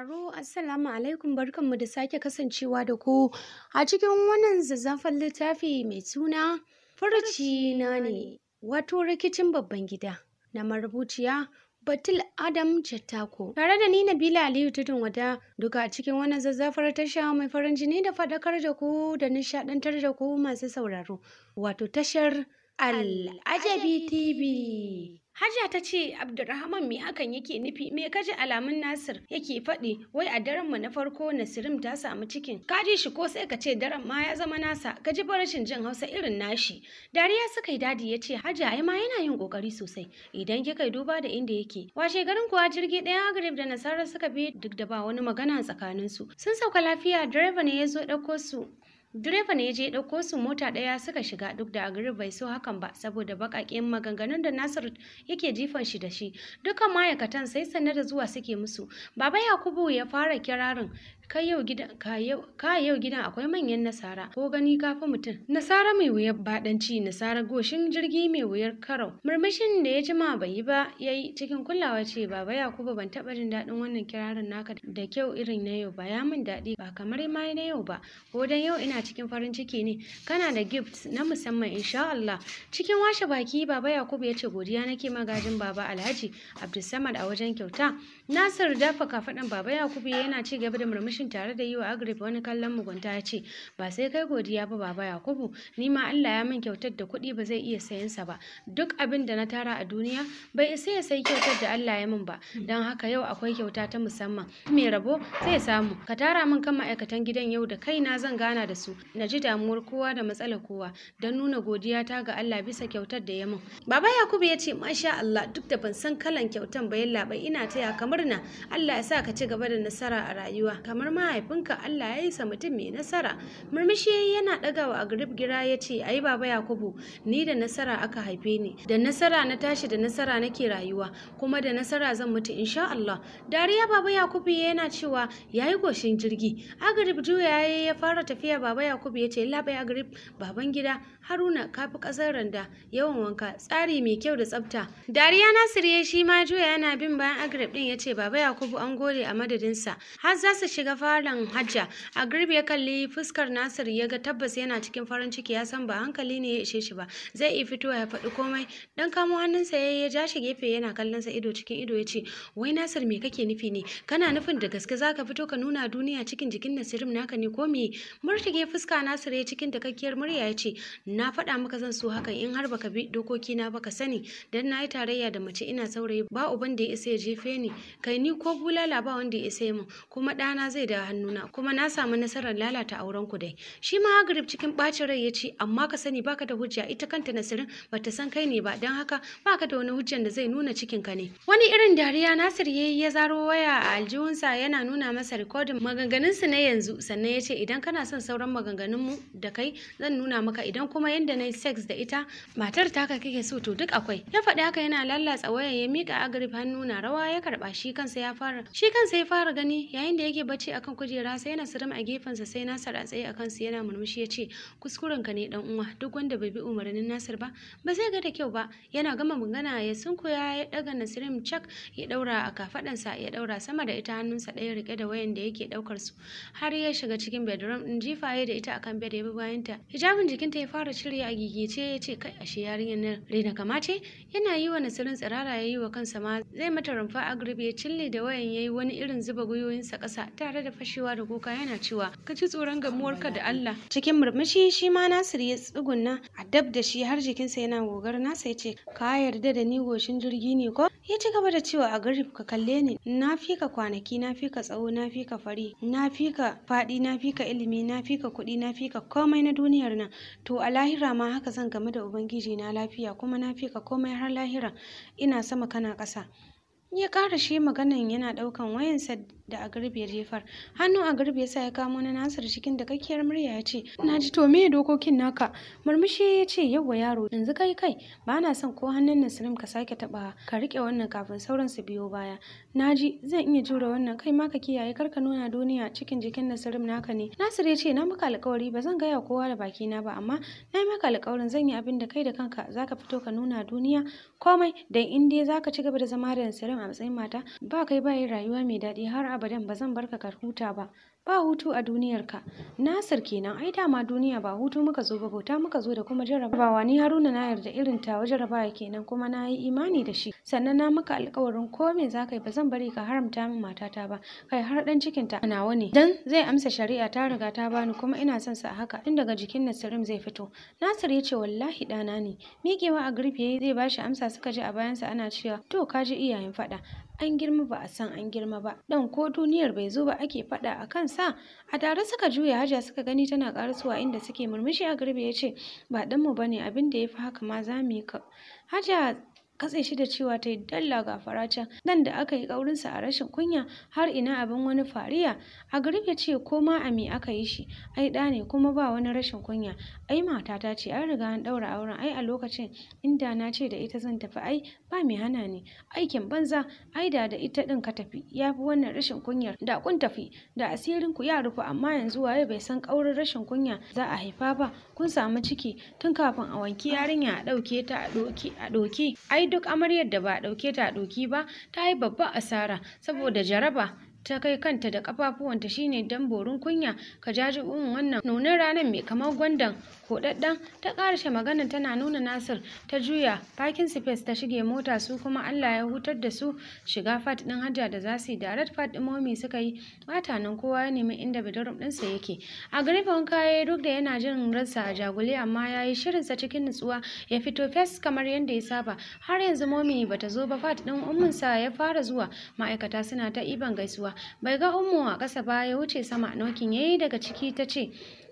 sauraro Assalamu alaikum barkanmu da sake kasancewa da ku a cikin wannan zazzafan littafi mai suna Furci na ne wato rikicin babban gida na marubuciya Batul Adam Chattako tare da ni Nabila Aliyu Tudun Wada duka cikin wannan zazzafar tasha mai farin jini da fadakar da ku da nishaɗantar da ku masu sauraro wato tashar Al Ajabi TV. Hajiya ta ce Abdurrahman me hakan yake nufi me kaji alamun Nasir yake faɗi wai a daren mu na farko Nasirim ta samu cikin ka ji shi ko sai ka ce daren ma ya zama nasa ka ji rashin jin Hausa irin nashi dariya suka yi dadi ya ce Hajiya ai ma yana yin kokari sosai idan kika duba da inda yake washe garin kuwa jirgi daya Agrib da nasara suka bi duk da ba wani magana tsakanin su sun sauka lafiya direba ne ya zo ɗauko su Direba ne je ɗauko su mota ɗaya suka shiga duk da agirin bai so hakan ba saboda baƙaƙen maganganun da Nasir yake jifan shi da shi. Dukan ma'aikatan sai sanar da zuwa suke musu. Baba Yakubu ya fara kirarin kai yau gidan ka yau gidan akwai manyan nasara ko gani kafa mutum nasara mai wuyar badanci nasara goshin jirgi mai wuyar karau murmushin da ya jima bai yi ba yayi cikin kulawa ce baba yakubu ban taba jin daɗin wannan kirarin naka da kyau irin na yau ba ya min daɗi ba kamar ma na yau ba ko dan yau ina cikin farin ciki ne kana da gift na musamman insha Allah cikin washe baki baba yakubu ya ce godiya nake magajin baba alhaji abdulsamad a wajen kyauta nasir dafa kafadan baba yakubu yana ci gaba da murmushi shin tare da yi wa agrib wani kallon mugunta ya ce ba sai kai godiya ba baba yakubu ni ma allah ya min kyautar da kuɗi ba zai iya sayan sa ba duk abin da na tara a duniya bai isa ya sayi kyautar da allah ya min ba don haka yau akwai kyauta ta musamman mai rabo zai samu ka tara min kan ma'aikatan gidan yau da kaina zan gana da su na ji damuwar kowa da matsalar kowa don nuna godiya ta ga allah bisa kyautar da ya min baba yakubu ya ce masha allah duk da ban san kalan kyautar ba yalla ina taya kamar na allah ya sa ka ci gaba da nasara a rayuwa kamar mahaifinka Allah ya yi sa mutum mai nasara murmushi yana ɗagawa a grip gira ya ce ai baba Yakubu ni da nasara aka haife ni da nasara na tashi da nasara nake rayuwa kuma da nasara zan mutu insha Allah dariya baba Yakubu yana cewa yayi goshin jirgi agrib juya ya fara tafiya baba Yakubu ya ce labai agrib baban gida Haruna kafi ƙasar randa yawan wanka tsari mai kyau da tsafta dariya Nasir ya shi ma juya yana bin bayan agrib din ya ce baba Yakubu an gode a madadinsa har za su shiga farin hajja a girbi ya kalli fuskar nasir ya ga tabbas yana cikin farin ciki ya san ba hankali ne ya ishe shi ba zai iya fitowa ya faɗi komai dan kamo hannunsa ya ya ja shi gefe yana kallon sa ido cikin ido ya ce wai nasir me kake nufi ne kana nufin da gaske zaka fito ka nuna duniya cikin jikin nasirim naka ne ko me murtige fuska nasir ya cikin takakkiyar murya ya ce na faɗa maka zan so hakan in har baka bi dokoki na baka sani dan na yi tarayya da mace ina saurayi ba uban da ya isa ya jefe ni kai ni ko bulala ba wanda ya isa min kuma ɗana zai da hannuna kuma na samu nasarar lalata auren ku dai shi ma Hagrib cikin bacin rai ya ce amma ka sani baka da hujja ita kanta Nasirin bata san kai ne ba don haka baka da wani hujjan da zai nuna cikin ka ne wani irin dariya Nasir yayi ya zaro waya a aljihunsa yana nuna masa rikodin maganganun su na yanzu sannan ya ce idan kana son sauran maganganun mu da kai zan nuna maka idan kuma yanda na sex da ita matar taka kake so to duk akwai ya faɗi haka yana lallatsa wayan ya mika agrib hannu na rawa ya karba shi kansa ya fara shi kansa ya fara gani yayin da yake bacci ce akan kujera sai yana sirim a gefensa sai Nasir a tsaye akan su yana murmushi ya ce kuskuren ka ne dan uwa duk wanda bai bi umarnin Nasir ba ba zai ga da kyau ba yana gama magana ya sunkuya ya daga Nasirim cak ya daura a kafadansa ya daura sama da ita hannunsa ɗaya rike da wayan da yake daukar su har ya shiga cikin bedroom din jifaye da ita akan bed ya bi bayan ta hijabin jikinta ya fara cire a gigice ya ce kai ashe yarinyar nan rena kamace yana yi wa Nasirin tsirara ya yi wa kansa ma zai mata rumfa agrib ya cille da wayan yayi wani irin zuba gwiwoyinsa ƙasa tare tare da fashewa da kuka yana cewa ka ci tsoron gamuwarka da Allah cikin murmushi shi ma Nasir ya tsugunna a dab da shi har jikinsa yana gogar nasa ya ce ka yarda da ni goshin jirgi ne ko ya ci gaba da cewa a garib ka kalle ni na fi ka kwanaki na fi ka tsawo na fi ka fari na fi ka faɗi na fi ka ilimi na fi ka kuɗi na fi ka komai na duniyar nan to a lahira ma haka zan game da ubangiji na lafiya kuma na fi ka komai har lahira ina sama kana ƙasa ya ƙara shi maganan yana ɗaukan wayansa da agarbi ya jefar hannu a garbe sa ya kamo na Nasiru cikin da kakkiyar murya ya ce na ji to me dokokin naka murmushi ya ce yawa yaro yanzu kai kai ba na son ko hannun nasirim ka sake taba ka rike wannan kafin sauran su biyo baya na ji zan iya jure wannan kai ma ka kiyaye kar ka nuna duniya cikin jikin nasirim naka ne nasir ya ce na maka alkawari ba zan gaya kowa da baki na ba amma na yi maka alkawarin zan yi abin da kai da kanka zaka fito ka nuna duniya komai da in dai zaka ci gaba da zama da nasirim a matsayin mata ba kai ba yin rayuwa mai daɗi har abadan ba zan ka ka huta ba ba hutu a duniyarka nasir kenan ai dama duniya ba hutu muka zo ba bauta muka zo da kuma jarrabawa ni haruna na yarda irin ta wa jarrabawa kenan kuma na yi imani da shi sannan na maka alƙawarin, ko me za ka yi ba zan bari ka haramta min matata ba kai har dan ta nawa ne dan zai amsa shari'a ta riga ta bani kuma ina son sa haka tun daga jikin nasirim zai fito nasir ya ce wallahi ɗana ne miƙewa a girbi zai bashi amsa suka ji a bayansa ana cewa to ka ji iyayen faɗa an girma ba a san an girma ba dan ko duniyar bai zo ba ake faɗa a kansa sa a tare suka juya hajiya suka gani tana karasuwa inda suke murmushi a garbe ya ce ba ɗanmu ba ne abin da ya fi haka ma za mu yi ka hajiya katse shi da cewa ta yi dalla ga faracin nan da aka yi ƙaurinsa a rashin kunya har ina abin wani fariya a garib ya ce ko ma a me aka yi shi ai da ne kuma ba wani rashin kunya ai matata ce an riga an ɗaura auren ai a lokacin inda na ce da ita zan tafi ai ba mai hana ne. aikin banza ai da da ita ɗin ka tafi ya fi wannan rashin kunyar da kun tafi da asirin ku ya rufu amma yanzu waye bai san ƙaurin rashin kunya za a haifa ba kun samu ciki tun kafin a wanki yarinya a ɗauke ta a ɗoki a ɗoki ai duk amaryar da ba a ɗauke ta a ɗoki ba ta yi babbar asara saboda jaraba ta kai kanta da ƙafafuwanta shine dan borin kunya ka jaji wannan nunar ranar mai kamar gwandan koɗaɗɗan ta ƙarshe maganar tana nuna nasir ta juya parking space ta shige mota su kuma allah ya hutar da su shiga fat din hajja da za su yi direct fat din momi suka yi bata nan kowa ya nemi inda din ɗinsa yake a garifin kaya duk da yana jin ransa a jagule amma yayi yi sa cikin nutsuwa ya fito face kamar yadda ya saba har yanzu momi bata zo ba fat ɗin sa ya fara zuwa ma'aikata suna ta iban gaisuwa bai ga ummu a ƙasa ba ya wuce sama nokin yayi daga ciki tace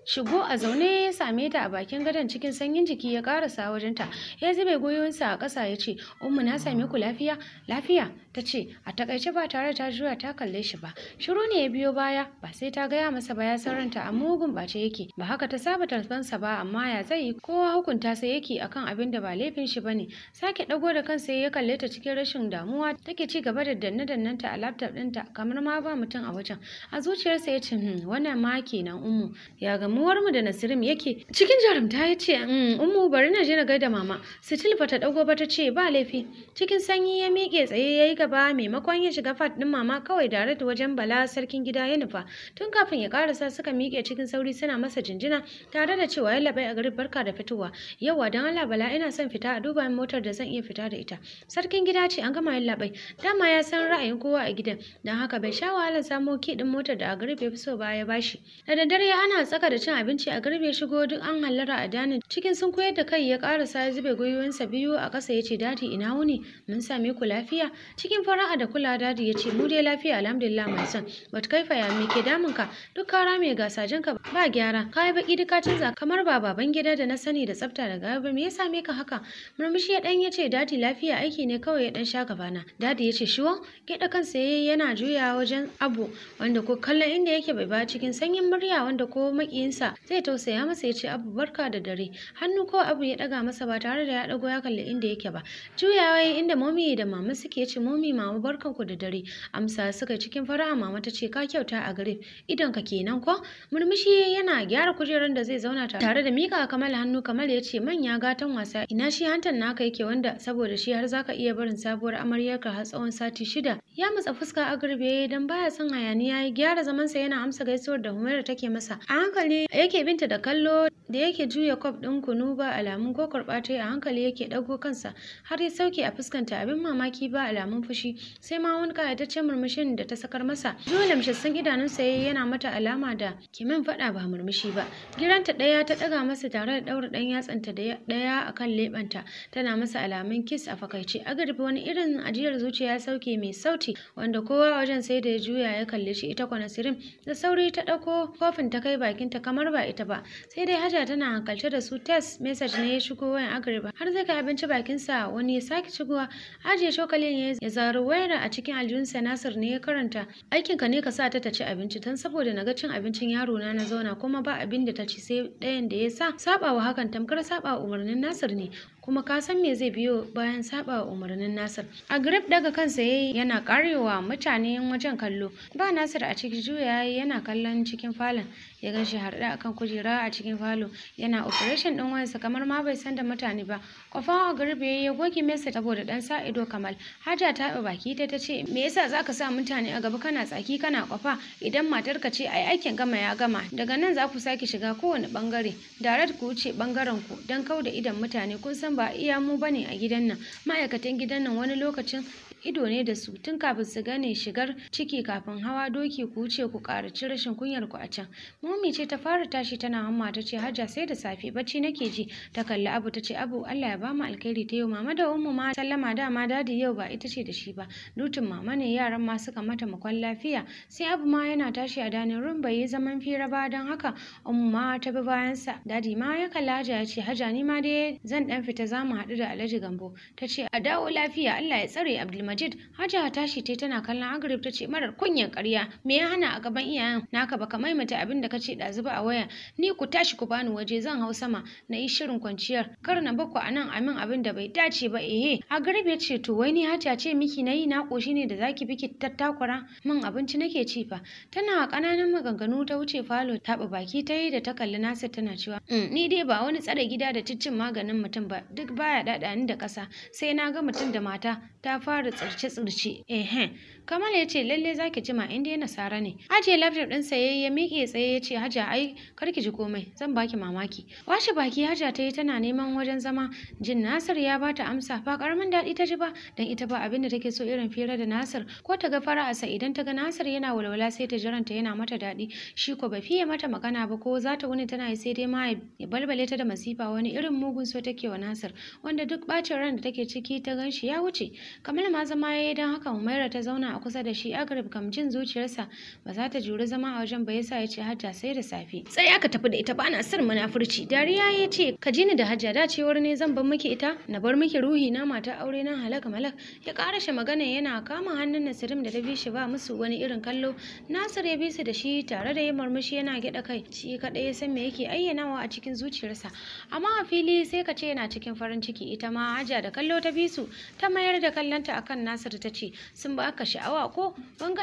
shigo a zaune ya same ta a bakin gadon cikin sanyin jiki ya karasa wajenta ya zube goyonsa a kasa ya ce umu na same ku lafiya lafiya ta ce a takaice ba tare ta juya ta kalle shi ba shiru ne ya biyo baya ba sai ta gaya masa ba ya san ranta a mugun bace yake ba haka ta saba tarbansa ba amma ya zai yi kowa hukunta sai yake akan abin da ba laifin shi bane sake dago da kansa ya kalle ta cikin rashin damuwa take ci gaba da danne dannanta a laptop ɗinta kamar ma ba mutum a wajen a zuciyarsa ya ce hmm, wannan ma kenan umu ya gamu damuwarmu da Nasirim yake. Cikin jarumta ya ce, mm, "Ummu bari na je na gaida mama." sitilfa ba ta dago ba ta ce, "Ba laifi." Cikin sanyi ya mike tsaye ya yi gaba maimakon ya shiga fat din mama kawai da wajen Bala sarkin gida ya nufa. Tun kafin ya karasa suka mike cikin sauri suna masa jinjina tare da cewa ya labai a garin barka da fitowa. Yawa dan Allah Bala ina son fita a duba motar da zan iya fita da ita. Sarkin gida ce an gama yin labai. Dama ya san ra'ayin kowa a gidan Dan haka bai sha wahalar samo kiɗin motar da a garib ya fi so ba ya bashi. Da daddare ana tsaka da da cin abinci a garbe shigo duk an hallara a danin cikin sun koyar da kai ya karasa ya zube sa biyu a kasa yace ce dadi ina wuni mun same ku lafiya cikin fara'a da kula dadi ya ce mu dai lafiya alhamdulillah mai san bat kai faya me ke damun ka duk kara mai gasa ka ba gyara ka baki duka canza kamar ba baban gida da na sani da tsafta da gaba me ya same ka haka murmushi ya dan ya dadi lafiya aiki ne kawai ya dan sha gabana dadi ya ce shiwo gida kansa yayi yana juya wajen abu wanda ko kallon inda yake bai ba cikin sanyin murya wanda ko maki tausayinsa zai tausaya masa ya ce abu barka da dare hannu ko abu ya daga masa ba tare da ya dago ya kalli inda yake ba juyawa ya inda momi da mama suke ce momi mama barkan ku da dare amsa suka cikin fara'a mama ta ce ka kyauta a gare idan ka kenan ko murmushi yana gyara kujerar da zai zauna tare da mika kamal hannu kamal ya ce manya gatan wasa ina shi hantan naka yake wanda saboda shi har zaka iya barin sabuwar amaryarka har tsawon sati shida ya matsa fuska a garbe dan baya son hayaniya ya gyara zamansa yana amsa gaisuwar da Humaira take masa a hankali yake binta da kallo da yake juya kwaf ɗin kunu ba alamun ko karɓa a hankali yake ɗago kansa har ya sauke a fuskanta abin mamaki ba alamun fushi sai ma wani ƙayataccen murmushin da ta sakar masa juya lamshassun idanunsa ya yana mata alama da kimin faɗa ba murmushi ba giranta ɗaya ta ɗaga masa tare da ɗaura ɗan yatsanta ɗaya a kan leɓanta tana masa alamun kis a fakaice agarbi wani irin ajiyar zuciya sauke mai sauti wanda kowa wajen sai da ya juya ya kalle shi ita kwana sirim da sauri ta ɗauko kofin ta kai bakinta kamar ba ita ba sai dai hajja tana hankalce da su test message ne ya shigo wayan agriba har zai kai abinci bakin sa wani ya sake shigowa ajiye cokalin ya zaro wayar a cikin aljihunsa nasir ne ya karanta aikin ka ne ka sa ta ci abinci tan saboda naga cin abincin yaro na na zauna kuma ba abin da ta ci sai ɗayan da ya sa wa hakan tamkar saba umarnin nasir ne kuma ka san me zai biyo bayan saba umarnin Nasir. A grip daga kansa yayi yana karewa mutane wajen kallo. Ba Nasir a cikin juya yana kallon cikin falon ya gan shi akan kujera a cikin falo yana operation din wayansa kamar ma bai san da mutane ba. Kofa a grip yayi ya goge mesa saboda dan sa ido Kamal. Haja ta ba baki ta tace me yasa zaka sa mutane a gaba kana tsaki kana kofa idan matarka ce ai aikin gama ya gama. Daga nan za ku sake shiga kowane bangare. Direct ku wuce bangaren ku dan da idan mutane kun san ba iya mu bane a gidan nan ma'aikatan gidan nan wani lokacin ido ne da su tun kafin su gane shigar ciki kafin hawa doki ku wuce ku ƙaraci rashin kunyar ku a can mummy ce ta fara tashi tana hamma ta ce hajja sai da safe bacci nake ji ta kalli abu ta ce abu Allah ya ba mu alkhairi ta yau mama da ummu ma sallama dama dadi yau ba ita ce da shi ba dutin mama ne yaran ma suka mata makon lafiya sai abu ma yana tashi a danin rum bai yi zaman fira ba don haka ummu ma ta bi bayansa dadi ma ya kalla hajja ya ce hajja ni ma dai zan dan fita za mu haɗu da alhaji gambo ta ce a dawo lafiya Allah ya tsare abdul Majid Hajiya tashi tai tana kallon Agrib tace marar kunyan ƙarya me ya hana a gaban iyayen naka baka maimaita abin da kace ɗazu ba a waya ni ku tashi ku bani waje zan hau sama na yi shirin kwanciyar kar na nan anan min abin da bai dace ba ehe Agrib ya ce to wai ni Hajiya ce miki nayi na koshi ne da zaki biki tattakura min abinci nake ci fa tana kananan maganganu ta wuce falo taɓa baki ta yi da ta kalli Nasir tana cewa mm, ni dai ba wani tsare gida da ciccin maganin mutum ba duk baya dada ni da ƙasa sai na ga mutum da mata ta fara tsirce-tsirce ehen kamal ya ce lalle zaki jima inda dai nasara ne ajiye laptop din saye ya miƙe tsaye ya ce haja ai kar ki ji komai zan baki mamaki washe baki haja ta yi tana neman wajen zama jin nasir ya bata amsa ba karamin daɗi ta ji ba dan ita ba abin da take so irin fira da nasir ko ta ga fara'asa idan ta ga nasir yana walwala sai ta jiranta yana mata daɗi shi ko ba fiye mata magana ba ko za ta wuni tana yi sai dai ma ya balbale ta da masifa wani irin mugun so take wa nasir wanda duk bacin ran da take ciki ta ganshi ya wuce kamal ma zama ya yi don haka Umaira ta zauna a kusa da shi Agrib kam jin zuciyarsa ba za ta juri zama a wajen ba yasa ya ce Hajja sai da safe. Sai aka tafi da ita ba na son munafurci. Dariya ya ce ka ji ni da Hajja da cewar ne zan bar miki ita na bar miki ruhi na mata aure nan halaka malak ya karashe magana yana kama hannun Nasirim da ta bi shi ba musu wani irin kallo. Nasir ya bi su da shi tare da ya murmushi yana gyaɗa kai shi kaɗai ya san me yake ayyanawa a cikin zuciyarsa amma a fili sai ka ce yana cikin farin ciki ita ma Hajja da kallo ta bi su ta mayar da kallonta akan hassan Nasir ta ce sun ba ka sha'awa ko banga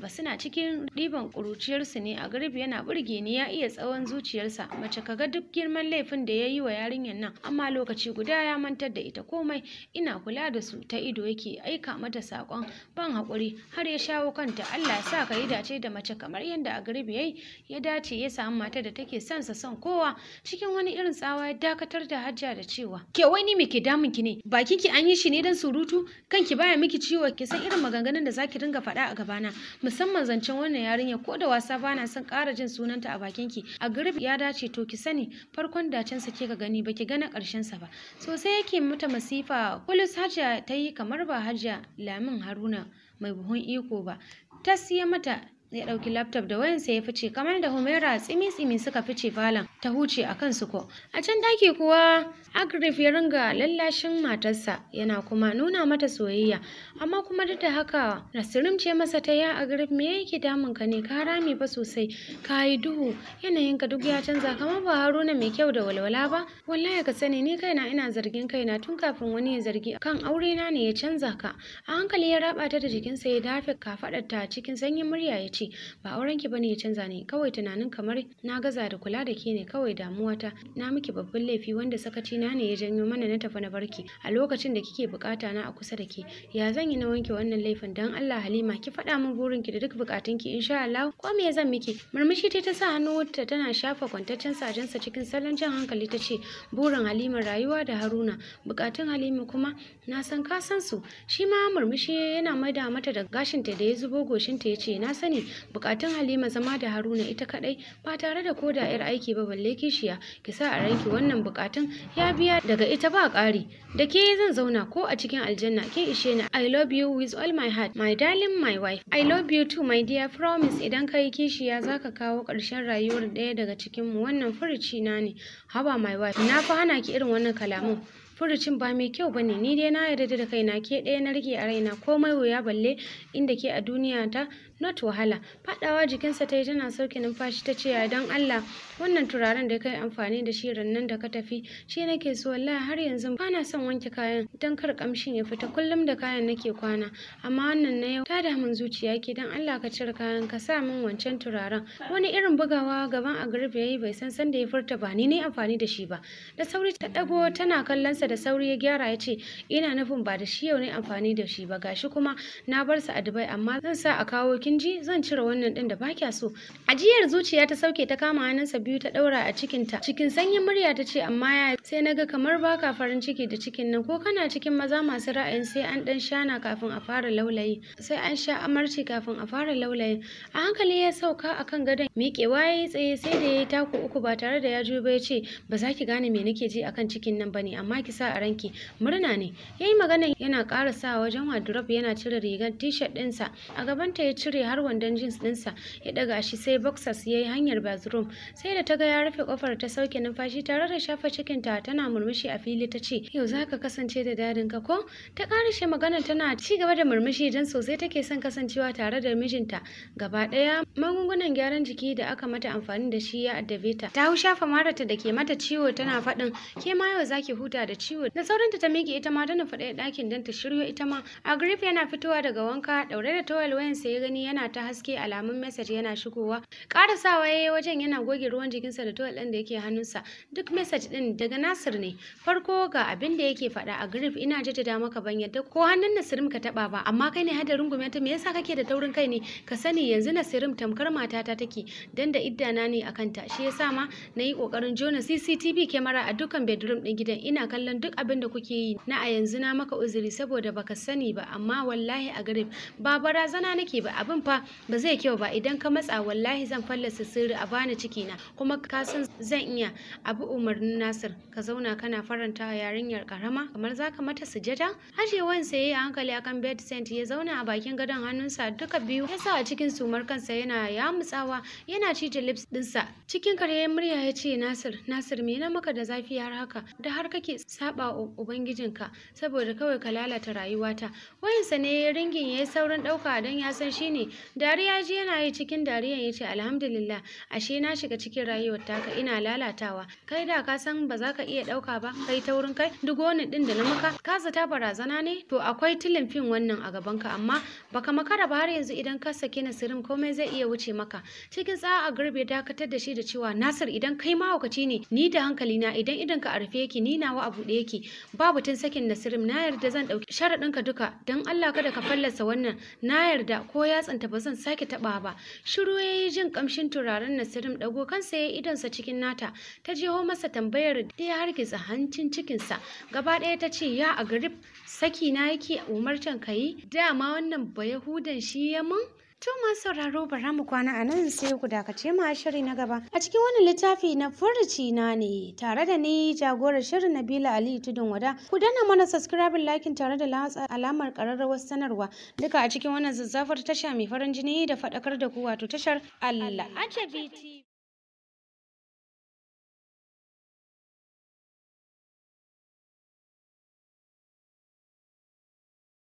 ba suna cikin ɗiban ƙuruciyarsu ne a garbi yana burge ni ya iya tsawon zuciyarsa mace ka ga duk girman laifin da ya yi wa yarinyar nan amma lokaci guda ya mantar da ita komai ina kula da su ta ido yake aika mata saƙon ban haƙuri har ya shawo kanta Allah sa ka yi dace da mace kamar yadda a garbi ya ya dace ya samu mata da take son sa son kowa cikin wani irin tsawa ya dakatar da hajja da cewa ke wai ni me ke damun ki ne baki ki an yi shi ne dan surutu kanki baya yana miki ciwo ki san irin maganganun da zaki dinga faɗa a gabana musamman zancen wannan yarinya ko da wasa bana son ƙara jin sunanta a bakin ki a garbi ya dace to ki sani farkon dacen sa ke ka gani baki na ƙarshen sa ba sosai yake mata masifa kulus hajja ta yi kamar ba hajja lamin haruna mai buhun iko ba ta siya mata ya ɗauki laptop da wayansa ya fice kamar da Humaira tsimi-tsimi suka fice falon ta huce a kan ko A can daki kuwa Agrif ya ringa lallashin matarsa yana kuma nuna mata soyayya amma kuma duk da haka Nasirim ce masa ta ya Agrif me yake damun ka ne ka rame ba sosai ka yi duhu yanayinka duk ya canza kamar ba Haruna mai kyau da walwala ba wallahi ka sani ni kaina ina zargin kaina tun kafin wani ya zargi kan aure na ne ya canza ka a hankali ya raba ta da jikinsa ya dafe ka ta cikin sanyin murya ya ce ba auren ki bane ya canza ni kawai tunanin kamar na gaza da kula da ke ne kawai damuwa ta. na miki babban laifi wanda sakaci na ne ya janyo mana na tafi na barki a lokacin da kike bukata na a kusa da ke ya zan yi na wanke wannan laifin dan Allah Halima ki faɗa min burin ki da duk bukatun ki insha Allah ko me zan miki murmushi ta sa wata tana shafa kwantaccen sajensa cikin salon jan hankali ta ce burin Halima rayuwa da Haruna bukatun Halima kuma na san ka san su shi ma murmushi yana maida mata da gashinta da ya zubo goshinta ya ce na sani bukatun halima zama da haruna ita kadai ba tare da koda yar aiki ba balle kishiya ki sa a ranki wannan bukatun ya biya daga ita ba ƙari da ke zan zauna ko a cikin aljanna ke ishe ni i love you with all my heart my darling my wife i love you too my dear promise idan ka kishiya zaka kawo ƙarshen rayuwar ɗaya daga cikin cikinmu wannan furuci na ne haba my wife na fa hana ki irin wannan kalamun furucin ba mai kyau bane ni dai na yarda da kaina ke ɗaya na rike a raina komai wuya balle inda ke a duniya ta not wahala faɗawa jikinsa ta yi tana sauke numfashi ta ce don Allah wannan turaren da ka yi amfani da shi rannan da ka tafi shi nake so wallahi har yanzu ba na son wanke kayan don kar kamshin ya fita kullum da kayan nake kwana amma wannan na yau ta damun zuciya ke don Allah ka cire kayan ka sa min wancan turaren wani irin bugawa gaban agarbe ya yi bai san san da ya furta ba ni ne amfani da shi ba da sauri ta dago tana kallonsa da sauri ya gyara ya ce ina nufin ba da shi yau ne amfani da shi ba gashi kuma na bar sa a Dubai amma zan sa a kawo kin ji zan cire wannan din da bakya so ajiyar zuciya ta sauke ta kama hannunsa biyu ta daura a cikin ta cikin sanyin murya ta ce amma ya sai naga kamar baka farin ciki da cikin nan ko kana cikin maza masu ra'ayin sai an dan shana kafin a fara laulayi sai an sha amarci kafin a fara laulayi a hankali ya sauka akan gadon miƙewa ya tsaye sai da ya yi taku uku ba tare da ya juyo ba ya ce ba za ki gane me nake ji akan cikin nan bane amma ki sa a ranki murna ne yayi magana yana ƙara sa wajen wardrobe yana cire rigar t-shirt ɗinsa a gabanta ya cire cire har wandon jeans dinsa ya ɗaga shi sai boxers ya yi hanyar bathroom sai da ta ga ya rufe kofar ta sauke numfashi tare da shafa cikinta tana murmushi a fili ta ce yau za ka kasance da dadin ka. ko ta karishe magana tana ci gaba da murmushi dan sosai take son kasancewa tare da mijinta gaba ɗaya magungunan gyaran jiki da aka mata amfani da shi ya addabe ta ta hu shafa marata da ke mata ciwo tana faɗin ke ma yau zaki huta da ciwo da saurinta ta miki ita ma tana nufa ɗakin dan ta shiryo ita ma a yana fitowa daga wanka daure da towel wayansa ya gani yana ta haske alamun message yana shigowa karasawa yayi wajen yana goge ruwan jikinsa da towel din da yake hannunsa duk message din daga Nasir ne farko ga abin da yake faɗa a group ina da maka ban yadda ko hannun Nasirim ka taba ba amma kai ne hadarin gwamnati me yasa kake da taurin kai ne ka sani yanzu Nasirim tamkar matata take dan da na ne akan ta shi yasa ma nayi kokarin jona CCTV camera a dukkan bedroom din gidan ina kallon duk abin da kuke yi na a yanzu na maka uzuri saboda baka sani ba amma wallahi a garib ba barazana nake ba abin abin fa ba zai kyau ba idan ka matsa wallahi zan fallasa sirri a bani ciki na kuma ka san zan iya abu umarnin Nasir ka zauna kana faranta yarinyar karama kamar zaka mata sujada haje wan sai a hankali akan bed saint ya zauna a bakin gadon hannunsa duka biyu Ya sa a cikin sumar kansa yana mutsawa yana cije lips dinsa cikin karyar murya ya ce Nasir Nasir me na maka da zafi har haka da har kake saba ubangijinka saboda kawai ka lalata rayuwata wayansa ne ya ringin yayi saurin dauka don ya san shine dariya ji yana yi cikin dariyan ya ce alhamdulillah ashe na shiga cikin rayuwar taka ina lalatawa kai da ka san ba za ka iya ɗauka ba kai ta wurin kai duk wani ɗin da na maka ka zata barazana ne to akwai tilin fim wannan a gaban ka. amma baka makara ba har yanzu idan ka sake nasirin komai zai iya wuce maka cikin a garbe dakatar da shi da cewa nasir idan kai mahaukaci ne ni da hankali na idan idan ka a rufe yake ni nawa a buɗe yake Babu tun sakin nasirin na yarda zan ɗauki sharaɗinka duka don allah kada ka fallasa wannan na yarda ko ya kanta ba zan sake taɓa ba shiru yayi jin kamshin turaren nasirim dago kansa ya idonsa cikin nata ta jeho masa tambayar da ya hargitsa hancin cikinsa gaba ɗaya ta ce ya a garib saki na yake umartan ka yi dama wannan bayahudan shi ya mun To masu sauraro bara mu kwana a nan sai ku dakace ma shiri na gaba. A cikin wani littafi na furuci na ne tare da ni jagorar shirin Nabila Ali Tudun Wada. Ku danna mana subscribing lakin tare da alamar kararrawar sanarwa. Duka a cikin wannan zazzafar tasha mai farin jini da faɗakar da ku wato tashar Allah.